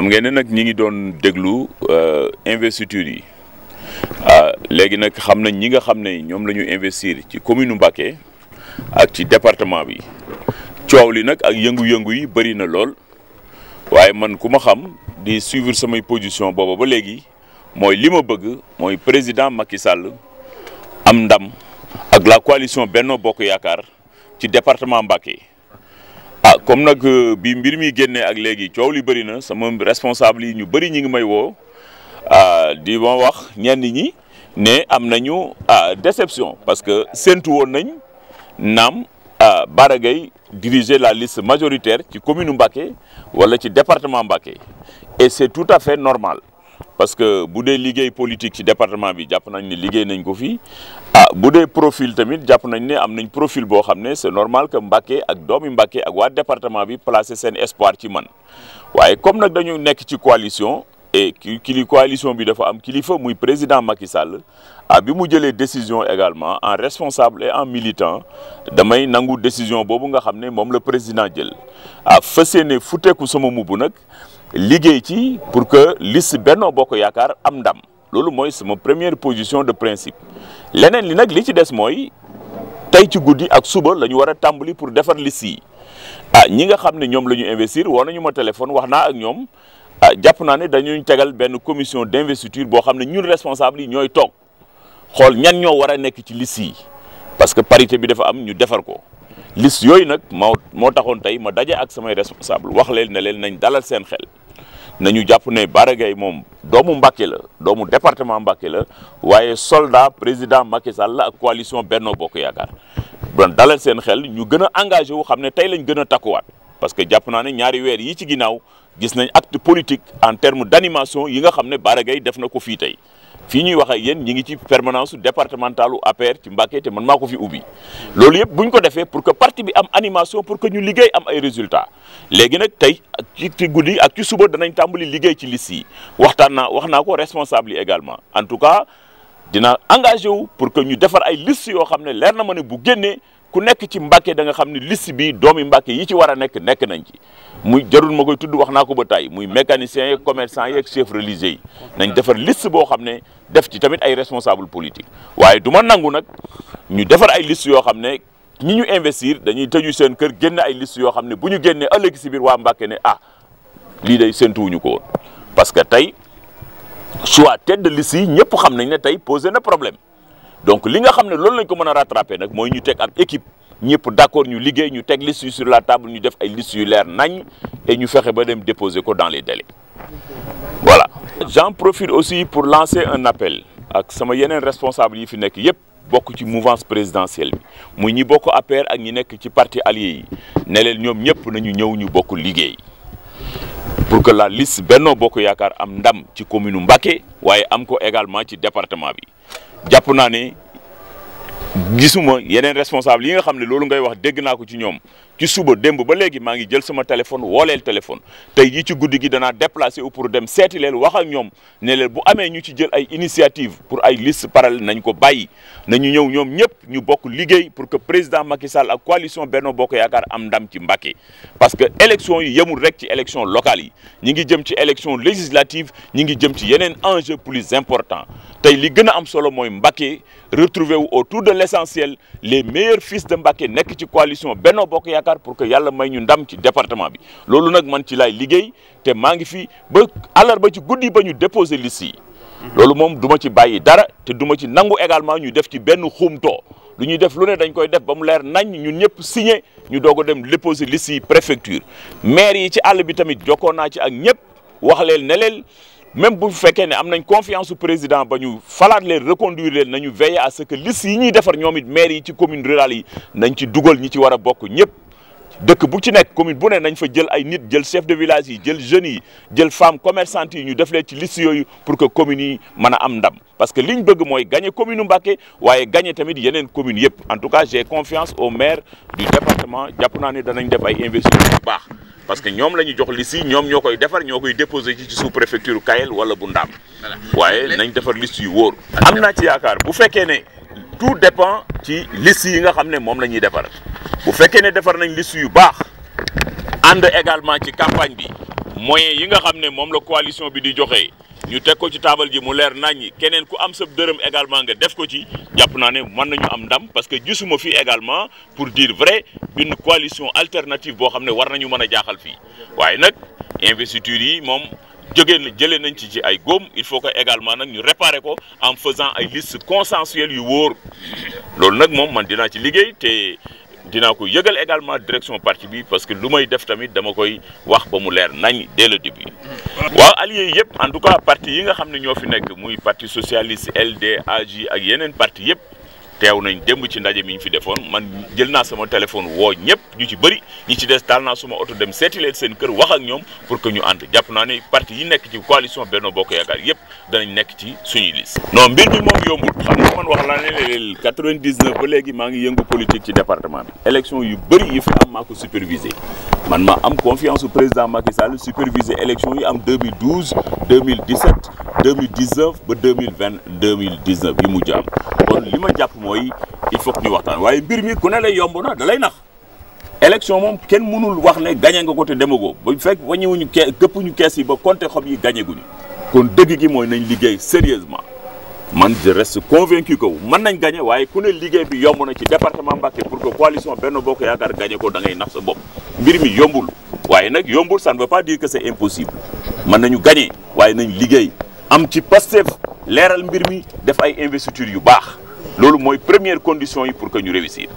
xam ngeen ne nag ñi ngi doon déglu euh, investiture yi ah, léegi nag xam nañ ñi nga xam ne ñoom la ñu investir ci commune Mbacké ak ci département bi coow li nag ak yëngu-yëngu yi bëri na lool waaye man ku ma xam di suivre samay position booba ba léegi mooy li ma bëgg mooy président Macky sàll am ndam ak la coalition Benno Bokk Yaakaar ci département Mbacké ah comme nag euh, bi mbir mi génnee ak léegi coow li bëri na sama responsable yi ñu bëri ñi ngi may woo ah, di ma wax ñenn ñi ne am nañu ah déception parce que séntu woon nañ naam ah, Bara Gaye diriger la liste majoritaire ci commune Mbacké wala ci département Mbacké et c'est tout à fait normal parce que bu dee liggéey politique ci département bi jàpp nañ ne liggéey nañ ko fii ah bu dee profil tamit jàpp nañ ne am nañ profil boo xam ne c'est normal que Mbacké ak doomi Mbacké ak waa département bi placer seen espoir ci man waaye comme nag dañu nekk ci coalition et kili coalition bi dafa am kilifa muy président Macky Sall ah bi mu jëlee décision également en responsable et en militant damay nangu décision boobu nga xam ne moom la président jël ah fas yéene futteeku sama mbubb nag liggéey ci pour que liste Benno Bokk Yaakaar am ndam loolu mooy sama première position de principe leneen li nag li ci des mooy tey ci guddi ak suba la ñu war a tàmbali pour defar liste yi ah ñi nga xam ne ñoom la ñu investir woo ñu ma téléphone wax naa ak ñoom ah jàpp naa ne dañuy tegal benn commission d'investiture boo xam ne ñun responsable yi ñooy toog xool ñan ñoo war a nekk ci liste yi parce que parité bi dafa am ñu defar ko liste yooyu nag moo moo taxoon tey ma daje ak samay responsable wax leen ne leen nañ dalal seen xel nañu jàpp ne Bara Gaye moom doomu Mbacké la doomu département Mbacké la waaye soldat président Macky Sall ak coalition Benno Bokk Yaakaar don dalal seen xel ñu gën a engagé wu xam ne tey lañ gën a takkuwaat parce que jàpp naa ne ñaari weer yi ci ginnaaw gis nañ acte politique en terme d' animation yi nga xam ne Bara Gaye def na ko fii tey fii ñuy waxee yen yéen ñi ngi ci permanence départementale APR ci Mbacké te man maa ko fi ubi loolu yëpp bu ko defee pour que parti bi am animation pour que ñu liggéey am ay résultat léegi nag tey ci ci guddi ak ci suba danañ tàmbali liggéey ci liste yi waxtaan naa wax naa ko responsable également en tout cas dina engagé wu pour que ñu defar ay liste yoo xam ne leer na ma ne bu génnee. ku nekk ci Mbàkke da nga xam ne liste bi doomi Mbàkke yi ci war a nekk nekk nañ ci muy jarul ma koy tudd wax naa ko ba tey muy mécaniciens yeeg commerçant yeeg chef religieux yi nañ defar liste boo xam ne def ci tamit ay responsable politique waaye du ma nangu nag ñu defar ay liste yoo xam ne ñi ñu investir dañuy tëju seen kër génn ay liste yoo xam ne bu ñu génnee ëllëg si biir waa Mbàkke ne ah lii day séntuwuñu ko woon parce que tey soit tête de liste yi ñëpp xam nañ ne tey posé na problème donc li nga xam ne loolu lañ ko mën a rattraper nag mooy ñu teg ab équipe ñëpp d'accord ñu liggéey ñu teg liste yu sur la table ñu def ay liste yu leer nañ et ñu fexe ba dem déposer ko dans les délais voilà. j'en profite aussi pour lancer un appel ak sama yeneen responsable yi fi nekk yépp bokk ci mouvence présidentielle bi mu ñi bokk APR ak ñi nekk ci parti alliés yi ne leen ñoom ñëpp nañu ñëw ñu bokk liggéey pour que la liste Benno Bokk Yaakaar am ndam ci commune Mbacké waaye am ko également ci département bi. jàpp naa ne gisuma yeneen responsable yi nga xam ne loolu ngay wax dégg naa ko ci ñoom ci suba démb ba léegi maa ngi jël sama téléphone wooleel téléphone tey jii ci guddi gi danaa déplacé wu pour dem seeti leen wax ak ñoom ne leen bu amee ñu ci jël ay initiative pour ay liste parallèle nañ ko bàyyi nañu ñëw ñoom ñëpp ñu bokk liggéey pour que président Macky Sall ak coalition Benno Bokk Yaakaar am ndam ci Mbacké parce que élection yi yemul rek ci élection locale yi ñi ngi jëm ci élection législative ñi ngi jëm ci yeneen enjeu plus important tey li gën a am solo mooy Mbacké retrouver wu autour de l'essentiel les meilleurs fils de Mbacké nekk ci coalition Benno Bokk Yaakaar yaakaar pour que yàlla may ñu ndam ci département bi loolu nag man ci laay liggéey te maa ngi fi ba ba ci guddi ba ñu déposer liste mhm. loolu moom duma ci bàyyi dara te duma ci nangu également ñu def ci benn xumtoo lu ñuy def lu ne dañ koy def ba mu leer nañ ñun ñëpp signé ñu doog dem déposer lissi yi préfecture maire yi ci àll bi tamit jokkoo naa ci ak ñëpp wax leen ne leen même bu fekkee ne am nañ confiance président ba ñu falaat leen reconduire leen nañu veiller à ce que liste yi ñuy defar ñoom it maire yi ci commune rurale yi nañ ci dugal ñi ci war a bokk ñëpp dëkk bu ci nekk commune bu ne nañ fa jël ay nit jël chef de village yi jël jeunes yi jël femmes commerçantes yi ñu def leen ci liste yooyu pour que communes yi mën a am ndam parce que liñ bëgg mooy gagner commune Mbacké waaye gagner tamit yeneen commune yëpp en tout cas j'ai confiance au maire du département jàpp naa ne danañ def ay investissement bu baax parce que ñoom la ñu jox liste yi ñoom ñoo koy defar ñoo koy déposé ci sous préfecture Kayel wala bu Ndam waaye nañ defar liste yu wóor am naa ci yaakaar bu fekkee ne tout dépend ci liste yi nga xam ne moom la ñuy defar bu fekkee ne defar nañ liste yu baax ànd également ci campagne bi moyens yi nga xam ne moom la coalition bi di joxe ñu teg ko ci taabal ji mu leer naññi keneen ku am sa dërëm également nga def ko ci jàpp naa ne mën nañu am ndam parce que gisuma fii également pour diir vrai une coalition alternative boo xam ne war nañu mën a jaaxal fi waaye nag investiture yi moom jógee na jëlee nañ ci ci ay góom il faut que également nag ñu réparer ko en faisant ay liste consensuelle yu wóor loolu nag moom man dinaa ci liggéey te dinaa ko yëgal également direction parti bi parce que lu may def tamit dama koy wax ba mu leer nañ dès le début. Mm. waaw alliés yëpp en tout cas parti yi nga xam ne ñoo fi nekk muy parti socialiste LD AJ ak yeneen parti yëpp teew nañ démb ci ndaje mi ñu fi defoon man jël naa sama téléphone woo ñëpp ñu ci bari ñu ci des taal naa suma oto dem seeti leen seen kër wax ak ñoom pour que ñu ànd jàpp naa ne parti yi nekk ci coalition Benno Bokk Yaakaar yëpp. danañ nekk ci suñuy liste. non mbir mi moom yombul xam nga man wax laa ne leen 99 ba léegi maa ngi yëngu politique ci département bi. élection yu bëri yi fi am maa ko superviser man ma am confiance su président Macky Sall superviser élection yi am 2012 2017 2019 ba 2020 2019 yi mujj am kon li ma jàpp mooy il faut waxtaan waaye mbir mi ku ne lay yomb na da lay nax. élection moom kenn mënul wax ne gagné nga ko te demagoo ba fekk waññiwuñu ke ñu kees yi ba compté xob yi gagné guñu kon dëgg gi mooy nañ liggéey sérieusement man je reste convaincu que mën nañ gagné waaye ku ne liggéey bi yomb na ci département Mbacké pour que coalition Benno Bokk Yaakaar gagné ko da ngay nax sa bopp mbir mi yombul waaye nag yombul san ne veut pas dire que c'est impossible mën nañu gagné waaye nañ liggéey am ci Pastef leeral mbir mi def ay investiture yu baax loolu mooy première condition yi pour que ñu réussir